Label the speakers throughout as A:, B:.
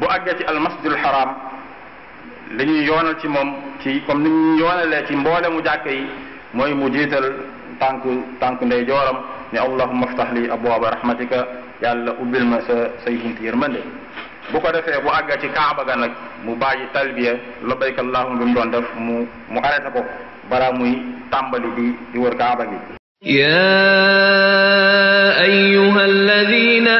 A: bu àggee ci almasjidul haram li ñuy yoonal ci moom ci comme ni ñu yoonalee ci mboole mu jàkk yi mooy mu jiital tànk tànk ndey jooram ne allahumma iftah li abwaaba rahmatika yàlla ubbil ma sa say bunti yërmande bu ko defee bu àggee ci kaaba ga nag mu bàyyi talbiya labbayka allahumma bi mu doon def mu mu arrêté ko bara muy tàmbali di di wër kaaba gi ya ayyuha alladhina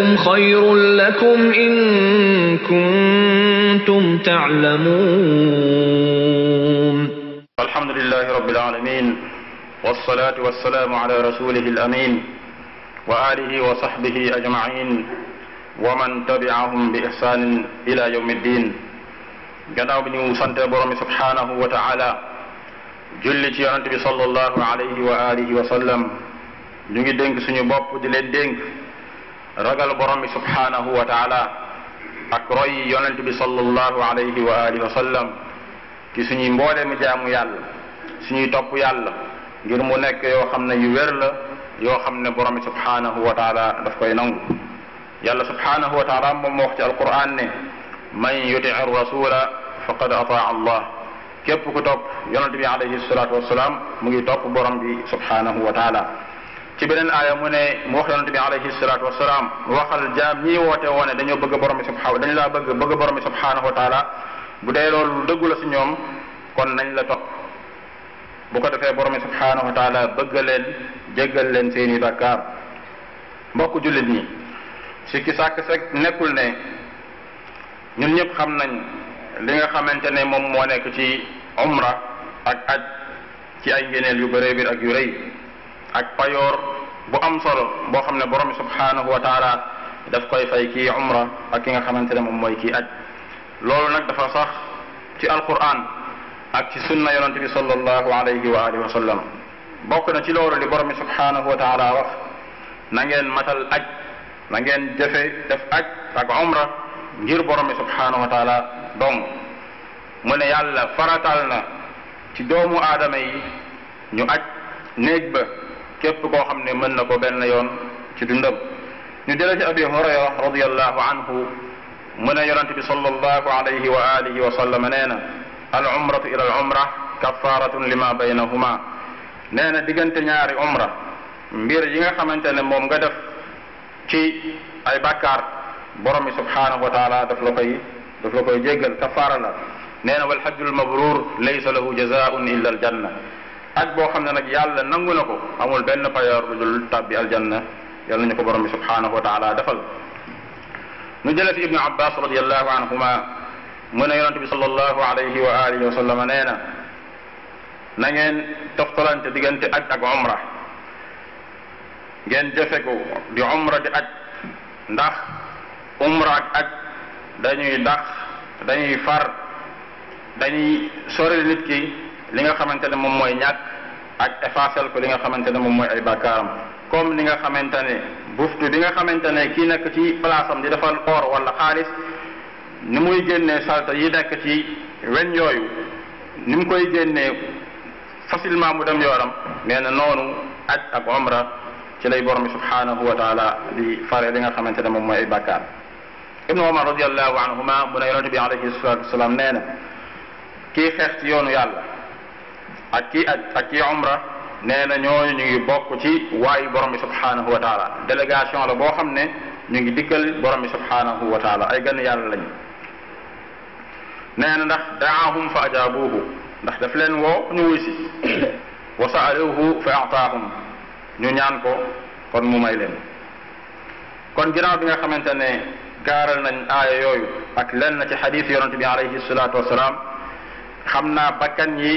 A: ذلكم خير لكم إن كنتم تعلمون الحمد لله رب العالمين والصلاة والسلام على رسوله الأمين وآله وصحبه أجمعين ومن تبعهم بإحسان إلى يوم الدين gannaaw bi ñu sante borom bi subhaanahu wa taala julli ci yonent bi sallallahu alayhi wa alihi wa sallam ñu ngi dénk suñu bopp di leen dénk ragal borom bi subhanahu wa taala ak roy yonent bi sallallahu alayhi wa alihi wa sallam ci suñuy mboolee mu jaamu yàlla suñuy topp yàlla ngir mu nekk yoo xam ne yu wér la yoo xam ne borom bi subhanahu wa taala daf koy nangu yàlla subhanahu wa taala moom moo wax ci alquran ne man yuti rasula faqad ataa allah képp ku topp yonent bi alayhi salatu wasalaam mu ngi topp borom bi subhanahu wa taala ci beneen aaya mu ne mu wax yonent bi alayhi salaatu wasalaam waxal jaam ñii woote woone dañoo bëgg borom bi subhaana dañu laa bëgg bëgg borom bi subhaanahu wa bu dee loolu dëggu la si ñoom kon nañ la topp bu ko defee borom bi subhaanahu wa bëgg leen jéggal leen seeni bàkkaar mbokk jullit ñi ki sàkk sek nekkul ne ñun ñëpp xam nañ li nga xamante ne moom moo nekk ci umra ak aj ci ay ngeneel yu bëree bir ak yu rëy ak payoor bu am solo boo xam ne borom bi subhaanahu wa taala daf koy fay kii umra ak ki nga xamante ne moom mooy kii aj loolu nag dafa sax ci alquran ak ci sunna yonente bi sallallahu alayhi wa alihi wa sallam bokk na ci loolu li borom bi subhaanahu wa taala wax na ngeen matal aj na ngeen jëfe def aj ak umra ngir borom bi subhaanahu wa taala dong mu ne yàlla faratal na ci doomu aadama yi ñu aj néeg képp koo xam ne mën na ko benn yoon ci dundam ñu jëlee ci abi hurayra radiallahu anhu mu ne yonante bi sallallahu alayhi wa alihi wa sallam nee na al umratu ila al umra kafaratun lima baynahuma nee na diggante ñaari umra mbir yi nga xamante ne moom nga def ci ay bàkkaar borom bi subhanahu wa taala daf la koy daf la koy jéggal kafaara la nee na wal hajjul mabrur laysa lahu jazaun illa al janna aj boo xam ne nag yàlla nangu na ko amul benn payoor bu dul tàbbi aljanna yàlla nañu ko borom bi subhanahu wa taala defal nu jële fi ibnu abbas radiallahu anhuma mu na na ngeen toftalante diggante ak umra ngeen jëfe ko di umra di aj ndax umra ak aj dañuy dax dañuy far dañuy sori nit ki li nga xamante ne moom mooy ñàkk ak effacer ko li nga xamante ne moom mooy ay bàkkaaram comme li nga xamante ne buftu bi nga xamante ne kii nekk ci place am di defal or wala xaalis ni muy génnee salte yi nekk ci weñ yooyu ni mu koy génnee facilement mu dem yoonam nee na noonu aj ak omra ci lay borom bi subhanahu wa taala di fare li nga xamante ne moom mooy ay bàkkaar ibnu omar radiallahu anhuma mu ne yonente bi alayhi salatu wasalaam nee kii xeex ci yoonu yàlla ak kii ak ak kii umra nee na ñooñu ñu ngi bokk ci waayu borom bi subhanahu wa taala délégation la boo xam ne ñu ngi dikkal borom bi subhanahu wa taala ay gan yàlla lañu nee na ndax daahum fa ajaabuuhu ndax daf leen woo ñu wuy si wa saaluhu fa ataahum ñu ñaan ko kon mu may leen kon ginnaaw bi nga xamante ne gaaral nañ aaya yooyu ak lenn ci xadiis yonente bi alayhi salaatu wasalaam xam naa bakkan yi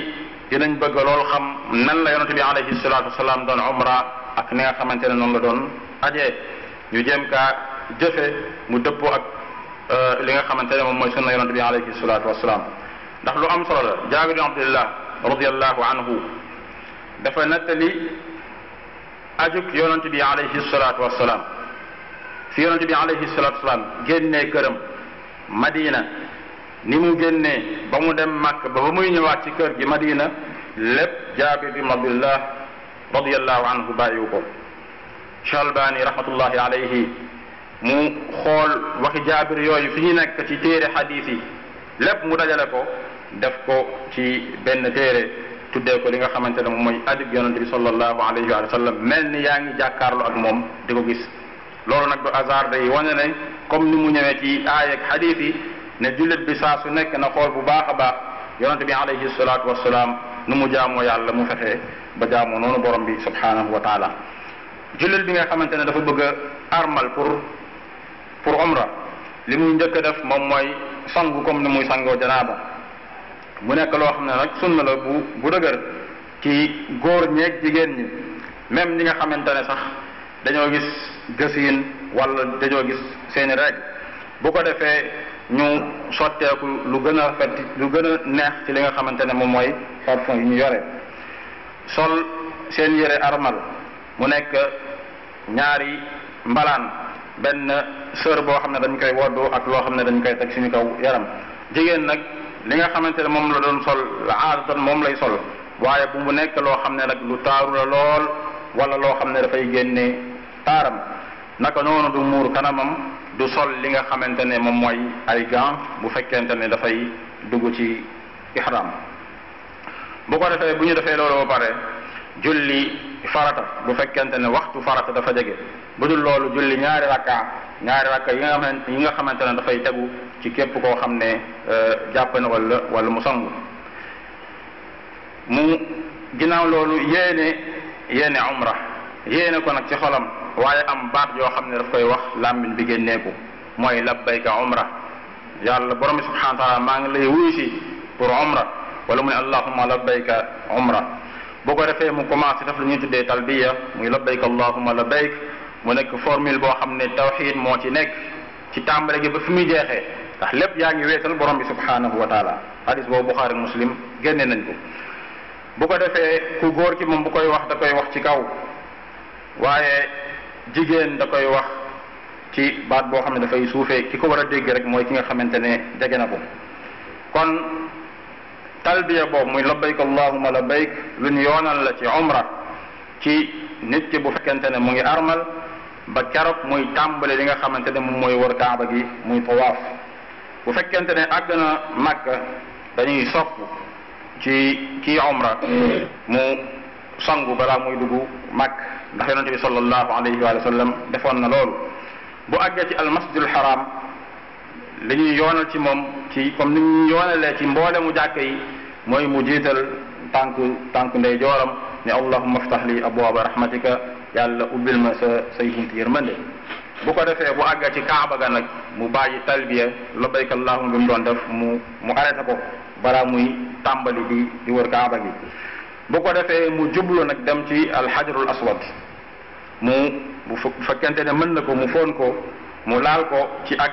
A: ci lañ bëgg lool xam nan la yonente bi alayhi salaatu wasalaam doon umra ak ni nga xamante ne noonu la doon ajee ñu jéem kaa jëfe mu dëppoo ak euh, li nga xamante ne moom mooy sunna yonente bi alayhi salaatu wasalaam ndax lu am solo la jaabir abdillah radiallahu anhu dafa nettali ajuk yonente bi alayhi salaatu wasalaam fi yonente bi alayhi salaatu wasalaam génnee këram madina ni mu génnee ba mu dem màkk ba ba muy ñëwaat ci kër gi madina lépp jaabir ibn abdullah radiallahu anhu bàyyiwu ko chalbaani rahmatullahi alayhi mu xool waxi jaabir yooyu fi ñu nekk ci téere xadiis lépp mu dajale ko def ko ci benn téere tuddee ko li nga xamante ne moom mooy adib yonente bi sallallahu alayhi wa sallam mel ni yaa ngi jàkkaarloo ak moom di ko gis loolu nag du hasard day wane ne ni mu ñëwee ci aay ak ne jullit bi saa su nekk na xool bu baax a baax yonente bi alayhi salaatu wasalaam nu mu jaamoo yàlla mu fexe ba jaamoo noonu borom bi subhanahu wa taala jullit bi nga xamante ne dafa bëgg armal pour pour omra li muy njëkk a def moom mooy sangu comme ni muy sangoo janaaba mu nekk loo xam ne nag sunna la bu bu dëgër ci góor ñeeg jigéen ñi même li nga xamante ne sax dañoo gis gësin wala dañoo gis seeni règle bu ko defee ñu sotteeku lu gën a rafet lu gën a neex ci li nga xamante ne moom mooy parfum yu ñu yore sol seen yére armal mu nekk ñaari mbalaan benn sër boo xam ne dañ koy woddu ak loo xam ne dañ koy teg suñu kaw yaram jigéen nag li nga xamante ne moom la doon sol aadatan moom lay sol waaye bu mu nekk loo xam ne nag lu taaru la lool wala loo xam ne dafay génne taaram naka noonu du muur kanamam du sol li nga xamante ne moom mooy ay gants bu fekkente ne dafay dugg ci ihram bu ko defee bu ñu defee loolu ba pare julli farata bu fekkente ne waxtu farata dafa jege bu dul loolu julli ñaari rakka ñaari rakka yi nga xamante yi nga xamante ne dafay tegu ci képp koo xam ne euh, jàpp na walla wala mu sangu mu ginnaaw loolu yéene yéene umra yéene ko nag ci xolam waaye am baat yoo xam ne daf koy wax làmmiñ bi génneeku mooy labbayka umra yàlla la bi subhanahu wa taala maa ngi lay wuyu si pour umra wala mu ne allahuma labbayka umra boo ko defee mu commencé daf la ñuy tuddee talbiya muy labbayka allahuma labbayk mu nekk formule boo xam ne tawxiid moo ci nekk ci tàmbale gi ba fi muy jeexee ndax lépp yaa ngi weesal borom bi subhanahu wa taala hadis boobu buxaari muslim génne nañ ko bu ko defee ku góor ki moom bu koy wax da wax ci kaw jigéen da koy wax ci baat boo xam ne dafay suufee ki ko war a dégg rek mooy ki nga xamante ne jege na ko kon talbiya boobu muy labbayk allahumma labbayk lu ñu yoonal la ci umra ci nit ki bu fekkente ne mu ngi armal ba keroog muy tàmbale li nga xamante ne moom mooy wër kaaba gi muy tawaaf bu fekkente ne àgg na màkka dañuy sopp ci kii umra mu sangu balaa muy dugg màkk ndax yonente bi sallallahu alayhi wa sallam defoon na loolu bu àggee ci almasjidul haram li ñuy yoonal ci moom ci comme ni ñu yoonalee ci mboolemu jàkk yi mooy mu jiital tànk tànk ndey jooram ne allahumma iftah li abwaaba rahmatika yàlla ubbil ma sa say bunti yërmande bu ko defee bu àggee ci kaaba ga nag mu bàyyi talbiya labbayka allahumma bi mu doon def mu mu arrêté ko bara muy tàmbali di di wër kaaba gi bu ko defee mu jublu nag dem ci alxajarul aswad mu bu fekkente ne mën na ko mu foon ko mu laal ko ci ak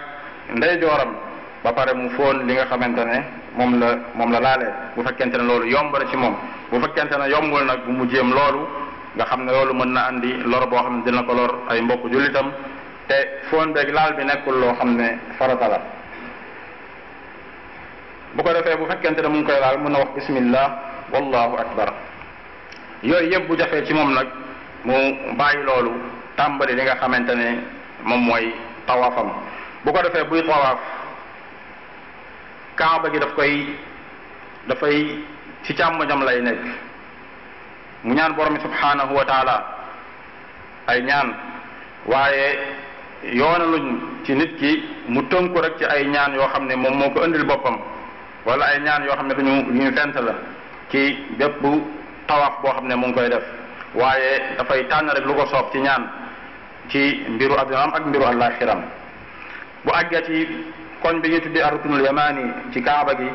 A: ndeyjooram ba pare mu foon li nga xamante ne moom la moom la laalee bu fekkente ne loolu yomb na ci moom bu fekkente ne yombul nag bu mu jéem loolu nga xam ne loolu mën na indi lor boo xam ne dina ko lor ay mbokk jullitam te foon beeg laal bi nekkul loo xam ne farata la bu ko defee bu fekkente ne mu ngi koy laal mën na wax bismillah wallahu akbar yooyu yëpp bu jafee ci moom nag mu bàyyi loolu tàmbali li nga xamante ne moom mooy tawaafam bu ko defee buy tawaaf kaaba gi daf koy dafay ci càmmoñam lay nekk mu ñaan borom bi subhaanahu wa taala ay ñaan waaye yoonaluñ ci nit ki mu tënku rek ci ay ñaan yoo xam ne moom moo ko indil boppam wala ay ñaan yoo xam ne duñu ñu fent la ci bépp tawaaf boo xam ne mu ngi koy def waaye dafay tànn rek lu ko soob ci ñaan ci mbiru addinaam ak mbiru àllaaxiram bu àggee ci koñ bi ñuy tuddee arrukunul yamaani ci kaaba gi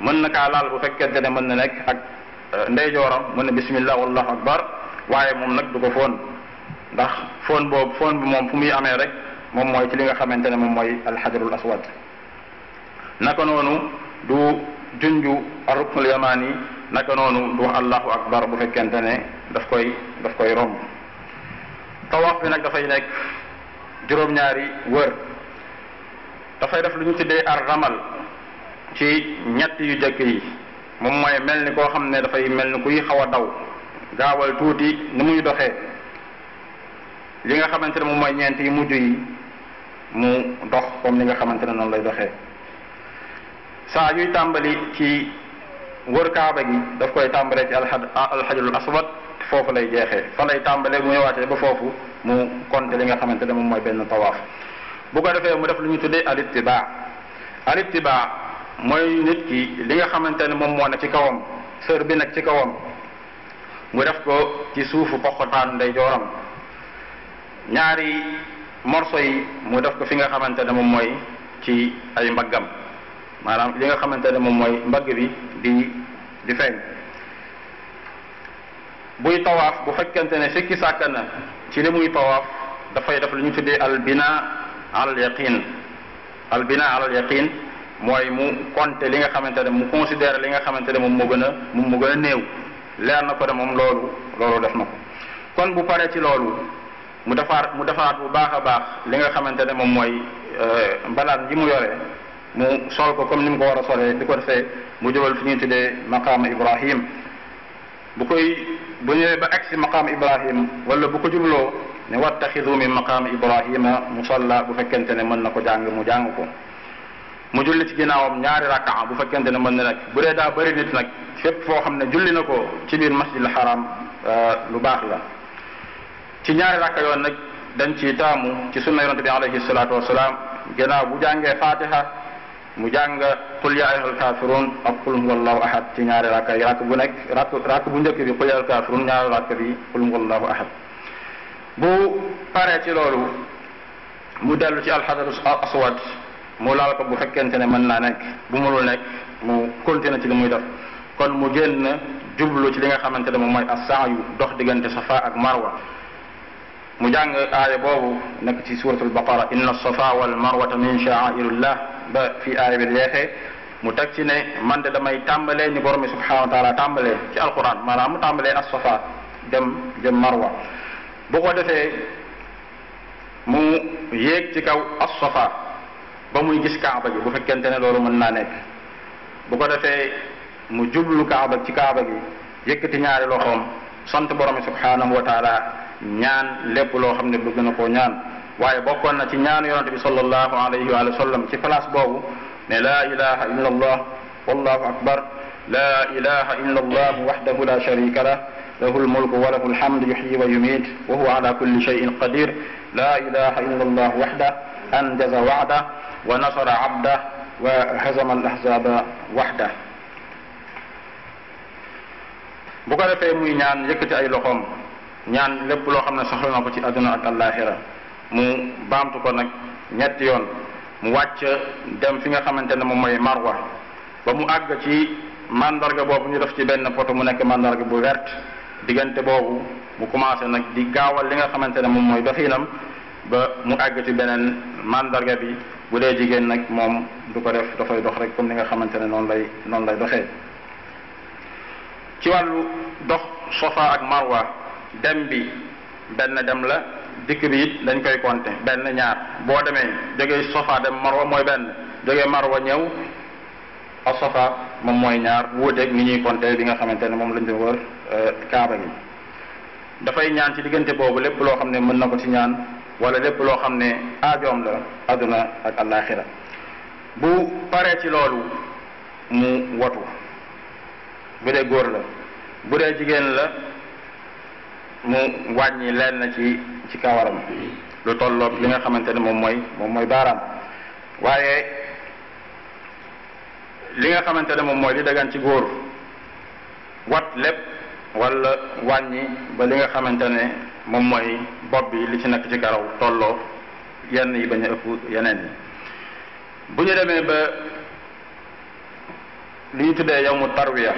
A: mën na kaa laal bu fekkente ne mën na nekk ak euh, ndeyjooram mën na bismillah wallahu akbar waaye moom nag du ko foon ndax foon boobu foon bi moom fu muy amee rek moom mooy ci li nga xamante ne moom mooy alxajarul aswad naka noonu du junju arruknul yamaani naka noonu du wax allahu akbar bu fekkente ne daf koy daf koy romb tawaaf bi nag dafay nekk juróom-ñaari wër dafay def lu ñu tuddee ar ramal ci ñett yu jëkk yi moom mooy mel ni koo xam ne dafay mel ni kuy xaw a daw gaawal tuuti ni muy doxee li nga xamante ne moom mooy ñeent yi mujj yi mu dox comme li nga xamante ne noonu lay doxee saa yuy tàmbali ci wër kaaba gi daf koy tàmbalee ci alxad alxajarul aswad foofu lay jeexee fa lay tàmbalee bu muy waatee ba foofu mu compter li nga xamante ne moom mooy benn tawaaf bu ko defee mu def lu ñu tuddee alittibaa alittibaa mooy nit ki li nga xamante ne moom mooy ne ci kawam sër bi nag ci kawam mu def ko ci suufu poqotaan nday jooram ñaari morso yi mu def ko fi nga xamante ne moom mooy ci ay mbaggam maanaam li nga xamante ne moom mooy mbagg bi di di feeñ buy tawaaf bu fekkente ne sikki sàkka na ci li muy tawaaf dafay def lu ñu tuddee albina alal yaqin albina alal yaqin mooy mu compter li nga xamante ne mu considérer li nga xamante ne moom moo gën a moom mu gën a néew leer na ko ne moom loolu loolu def na kon bu paree ci loolu mu defaat mu defaat bu baax a baax li nga xamante ne moom mooy euh, mbalaan ji mu yore mu sol ko comme ni mu ko war a solee di ko defee mu jëbal fi ñuy tuddee maqaama Ibrahim bu koy bu ñëwee ba agsi maqaama Ibrahim wala bu ko jubloo ne wattaxidu min maqaama Ibrahima musalla bu fekkente ne mën na ko jàng mu jàng ko mu julli ci ginnaawam ñaari rakkaa bu fekkente ne mën na nag bu dee daa bëri nit nag fépp foo xam ne julli na ko ci biir masjidil haram euh, lu baax la ci ñaari rakka yoon nag dañ ci taamu ci sunna yonente bi alayhi salaatu wasalaam ginnaaw bu jàngee fatiha mu jàng qul yaa ayyuhal kaafiruun ak qul huwallaahu ahad ci ñaari rakka yi rakk bu nekk rakk rakk bu njëkk bi qul yaa ayyuhal kaafiruun ñaari rakk bi qul huwallaahu ahad bu paree ci loolu mu dellu ci alxajaru aswad mu laal ko bu fekkente ne mën naa nekk bu mënul nekk mu continuer ci li muy def kon mu génn jublu ci li nga xamante ne moom mooy assaayu dox diggante safa ak marwa mu jàng aaya boobu nekk ci suratul baqara inna safa wal marwata min sha'airillah ba fi aaya bi jeexee mu teg ci ne man de damay tàmbalee ni borom bi subhanahu wa taala tàmbalee ci alquran maanaam mu tàmbalee as-safa dem jëm marwa bu ko defee mu yéeg ci kaw as-safa ba muy gis kaaba gi bu fekkente ne loolu mën naa nekk bu ko defee mu jublu kaaba ci kaaba gi yëkkati ñaari loxoom sant borom bi subhanahu wa ñaan lépp loo xam ne bëgg na koo ñaan waaye bokkoon na ci ñaanu yonante bi sallallahu alayhi wa sallam ci place boobu ne laa ilaha illa allah wallahu akbar laa ilaha illa allah wahdahu la sharika lah lahu almulku wa lahu alhamdu yuhyi wa yumiit wa huwa ala kulli shay'in qadir laa ilaha illa allah wahdah anjaza wa'dah wa nasara abdah wa hazama alahzaba wahdah bu ko defee muy ñaan yëkkati ay loxoom ñaan lépp loo xam ne soxla na ko ci àdduna ak àllaaxira mu baamtu ko nag ñetti yoon mu wàcc dem fi nga xamante ne moom mooy marwa ba mu àgg ci mandarga boobu ñu def ci benn poto mu nekk mandarga bu wert diggante boobu mu commencé nag di gaawal li nga xamante ne moom mooy doxinam ba mu àgg ci beneen mandarga bi bu dee jigéen nag moom du ko def dafay dox rek comme li nga xamante ne noonu lay noonu lay doxee ci wàllu dox Safa ak Marwa dem bi benn dem la dikk bi it lañ koy compter benn ñaar boo demee jógee Safa dem Marwa mooy benn jógee Marwa ñëw ak Safa moom mooy ñaar wuuteeg ni ñuy compter bi nga xamante ne moom lañ doon wër euh, kaaba gi dafay ñaan ci diggante boobu lépp loo xam ne mën na ko ci ñaan wala lépp loo xam ne aajoom la àdduna ak àllaaxira bu paree ci loolu mu watu bu dee góor la bu dee jigéen la mu wàññi leen na ci ci kawaram lu tolloog li nga xamante ne moom mooy moom mooy baaraam waaye li nga xamante ne moom mooy li dagan ci góor wat lépp wala wàññi ba li nga xamante ne moom mooy bopp bi li ci nekk ci karaw tolloo yenn yi bañ a ëpp yeneen yi bu ñu demee ba li ñu tuddee yow mu tarwiya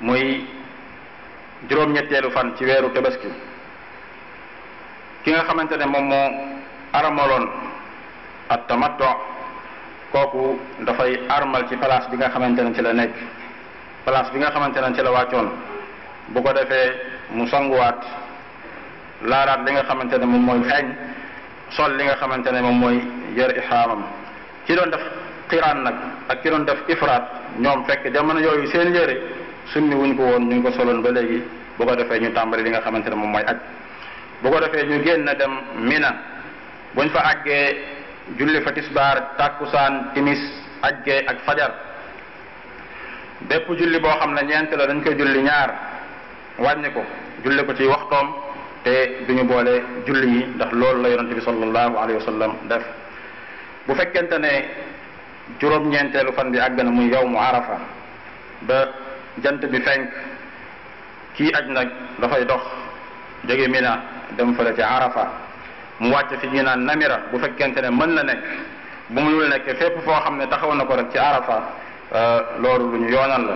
A: muy juróom-ñetteelu fan ci weeru tabaski ki nga xamante ne moom moo armaloon at tamattu kooku dafay armal ci place bi nga xamante ne ci la nekk place bi nga xamante ne ci la wàccoon bu ko defee mu sanguwaat laaraat li nga xamante ne moom mooy xeeñ sol li nga xamante ne moom mooy yër ixaamam ki doon def xiraan nag ak ki doon def ifraat ñoom fekk jamono yooyu seen yëre sunni wuñ ko woon ñu ngi ko soloon ba léegi bu ko defee ñu tàmbali li nga xamante ne moom mooy aj bu ko defee ñu génn dem mina buñ fa àggee julli fa tisbaar tàkkusaan timis àggee ak fajar bépp julli boo xam ne ñeent la dañ koy julli ñaar wàññi ko julli ko ci waxtoom te duñu boole julli yi ndax loolu la yonente bi sallallahu alayhi wa sallam def bu fekkente ne juróom-ñeenteelu fan bi àgg na muy yawmu arafa ba jant bi fenk kii aj nag dafay dox jóge mina dem fële ci arafa mu wàcc fi ñu naan namira bu fekkente ne mën na nekk bu munul nekk fépp foo xam ne taxaw na ko rek ci arafa euh, loolu lu ñu yoonal la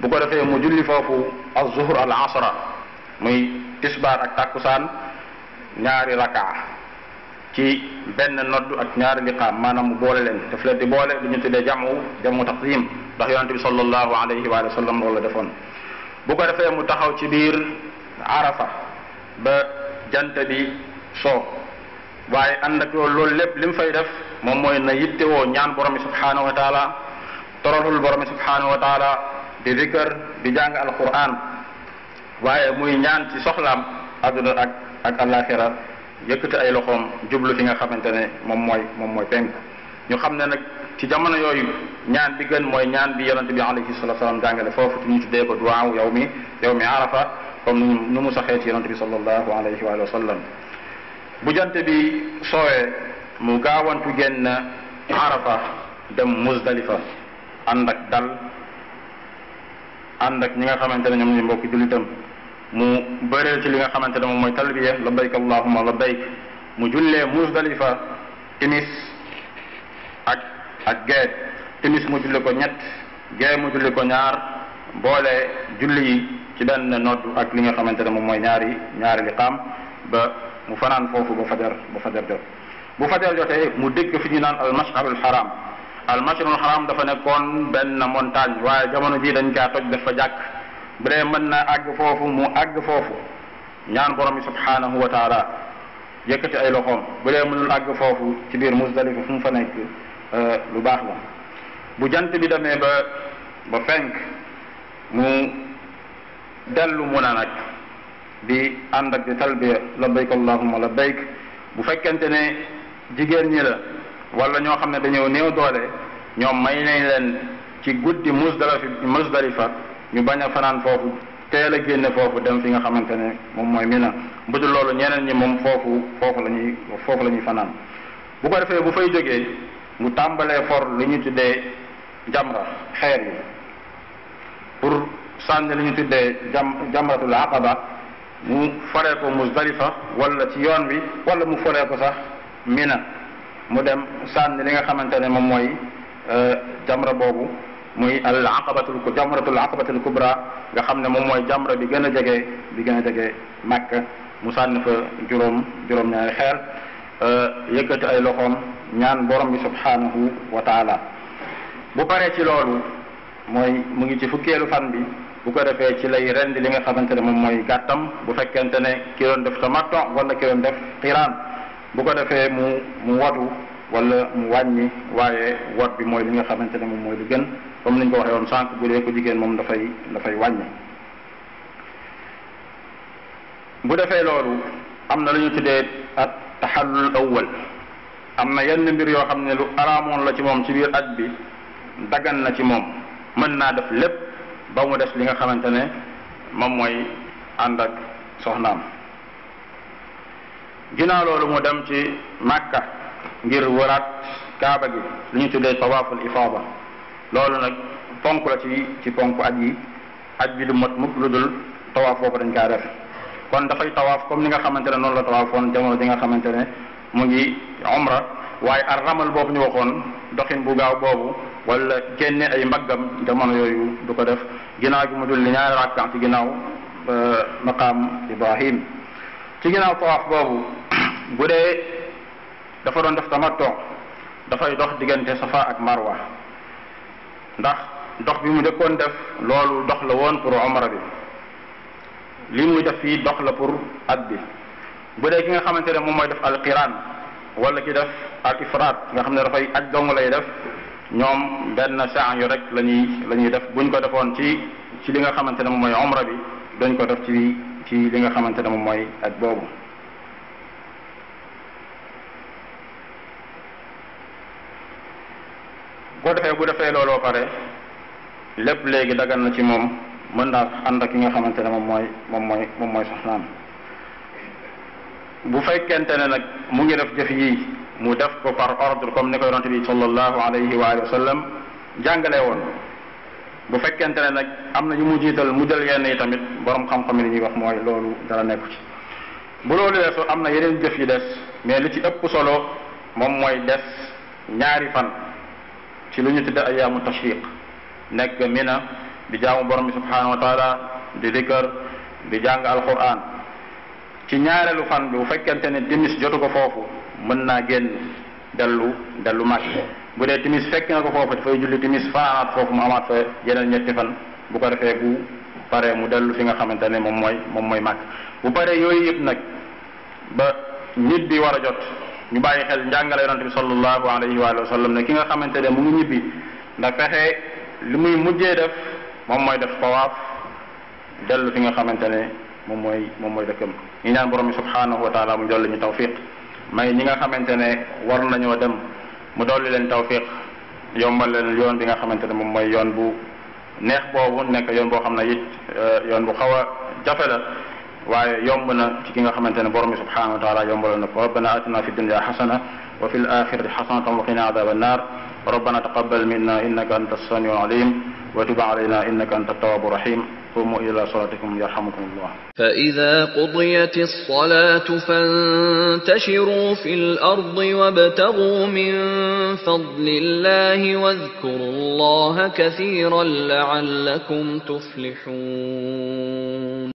A: bu ko defee mu julli foofu az-zuhr al asra muy tisbaar ak takkusaan ñaari rakaa ci benn noddu ak ñaari liqaam maanaam mu boole leen daf leen di boole lu ñu tuddee jamu jamu taqdim ndax yonente bi sallallahu alayhi wa sallam loolu la defoon jant bi soo waaye ànd ak loolu lépp li mu fay def moom mooy na yittewoo ñaan borom bi subhaanahu wa taala toroxul borom bi subhaanahu wa taala di zikr di jàng alquran waaye muy ñaan ci soxlaam adduna ak ak alaxira yëkkati ay loxoom jublu fi nga xamante ne moom mooy moom mooy penku ñu xam ne nag ci jamono yooyu ñaan bi gën mooy ñaan bi yonente bi alayhi salatu salaam jàngale foofu ci ñu tuddee duwaaw yow mi arafa comme nu mu saxee ci yonante bi sallallahu alayhi wa sallam bu jant bi soowee mu gaawantu génn arafa dem musdalifa ànd ak dal ànd ak ñi nga xamante ne ñoom ñu mbokk jullitam mu bëree ci li nga xamante ne moom mooy talbiya labbayk allahumma labbayk mu jullee musdalifa timis ak ak gee timis mu julli ko ñett gee mu julli ko ñaar boole julli yi ci benn noddu ak li nga xamante ne moom mooy ñaari ñaari liqaam ba mu fanaan foofu ba fajar ba fajar jot bu fajar jotee mu dégg fi ñu naan almasharul haram almasharul haram dafa nekkoon benn montagne waaye jamono jii dañ kaa toj dafa jàkk bu dee mën na àgg foofu mu àgg foofu ñaan borom bi subhanahu wa taala yëkkati ay loxoom bu dee mënul àgg foofu ci biir musdalifa fu mu fa euh, lu baax la bu jant bi demee ba fenk mu dellu mun a nag di ànd ak di talbiya labbayk allahumma labbayk bu fekkente ne jigéen ñi la wala ñoo xam ne dañoo néew doole ñoom may nañ leen ci guddi musdalifa musdalifa ñu bañ a fanaan foofu teel a génne foofu dem fi nga xamante ne moom mooy Mina bu dul loolu ñeneen ñi moom foofu foofu la ñuy foofu la fanaan bu ko defee bu fay jógee mu tàmbalee for lu ñu tuddee jamra xeer yi sànni li ñu tuddee jam jamratul aqaba mu foree ko Muzdalifa wala ci yoon bi wala mu foree ko sax Mina mu dem sànni li nga xamante ne moom mooy euh, jamra boobu muy al aqabatul ku jamratul aqabatul kubra nga xam ne moom mooy jamra bi gën a jege bi gën a jege Makka mu sànni fa juróom juróom-ñaari xeer euh, yëkkati ay loxoom ñaan borom bi subhanahu wa taala bu paree ci loolu mooy mu ngi ci fukkeelu fan bi bu ko defee ci lay rendi li nga xamante ne moom mooy gàttam bu fekkente ne ki doon def tamattu wala ki doon def xiraan bu ko defee mu mu watu wala mu wàññi waaye wat bi mooy li nga xamante ne moom mooy lu gën comme ni ko waxee woon sànq bu ko jigéen moom dafay dafay wàññi. bu defee loolu am na lu ñu tuddee at taxallul awwal am na yenn mbir yoo xam ne lu araamoon la ci moom ci biir at bi daggan na ci moom mën naa def lépp. ba mu des li nga xamante ne moom mooy ànd ak soxnaam ginaaw loolu mu dem ci màkka ngir waraat kaaba gi lu ñu tuddee tawaaful ifaada loolu nag ponk la ci ci ponk aj yi aj bi du mot mukk lu dul tawaaf boobu dañ kaa def kon dafay tawaaf comme li nga xamante ne noonu la tawaafoon jamono di nga xamante ne mu ngi umra waaye ar ramal boobu ñu waxoon doxin bu gaaw boobu wala génne ay mbaggam jamono yooyu du ko def ginnaaw gi mu julli ñaar rakka ci ginnaaw euh, maqaam Ibrahim ci ginnaaw tawaaf boobu bu dee dafa doon def tamattu dafay dox diggante safa ak marwa ndax dox bi mu njëkkoon def loolu dox la woon pour omra bi li muy def fii dox la pour at bi bu dee ki nga xamante ne moom mooy def alqiran wala ki def al ifraat nga xam ne dafay aj dong lay def ñoom benn saa yu rek lañuy ñuy la ñuy def buñ ko defoon ci ci li nga xamante ne moom mooy omra bi dañ ko def ci ci li nga xamante ne mooy at boobu. boo defee bu defee looloo pare lépp léegi dagal na ci moom mën naa ànd ak ki nga xamante ne moom mooy moom mooy moom mooy soxnaam bu fekkente ne nag mu ngi def jëf yii. mu def ko par ordre comme ni ko yonante bi sallallahu alayhi wa alihi wa woon bu fekkente ne nag am na ñu mu mu jël yenn yi tamit borom xam-xam li ñuy wax mooy loolu dara nekku ci bu loolu weesoo am na yeneen jëf yi des mais li ci ëpp solo moom mooy des ñaari fan ci lu ñu tudde ayaamu tashriq nekk na di jaamu borom bi subhanahu di dikkar di jàng alquran ci ñaareelu fan bi bu fekkente ne timis jotu ko foofu mën naa génn dellu dellu màcc bu dee timis fekk na ko foofu dafay julli timis faanaat foofu mu amaat fa yeneen ñetti fan bu ko defee bu paree mu dellu fi nga xamante ne moom mooy moom mooy màcc bu paree yooyu yëpp nag ba nit bi war a jot ñu bàyyi xel njàngale yonante bi sallallahu alayhi wa sallam ne ki nga xamante ne mu ngi ñibbi nda li muy mujjee def moom mooy def tawaaf dellu fi nga xamante ne moom mooy moom mooy dëkkam ñu ñaan borom bi subhanahu wa taala mu jolli ñu tawfiq may ñi nga xamante ne war nañoo dem mu dolli leen tawfiq yombal leen yoon bi nga xamante ne moom mooy yoon bu neex boobu nekk yoon boo xam ne it euh, yoon bu xaw a jafe la waaye yomb na ci ki nga xamante ne borom bi subhanahu wa taala yombaloon na ko rabbana atina fi dunya xasana wa fi l axirati xasanatan wa qina adaba annar ربنا تقبل منا إنك أنت السميع العليم وتب علينا إنك أنت التواب الرحيم قوموا إلى صلاتكم يرحمكم الله فإذا قضيت الصلاة فانتشروا في الأرض وابتغوا من فضل الله واذكروا الله كثيرا لعلكم تفلحون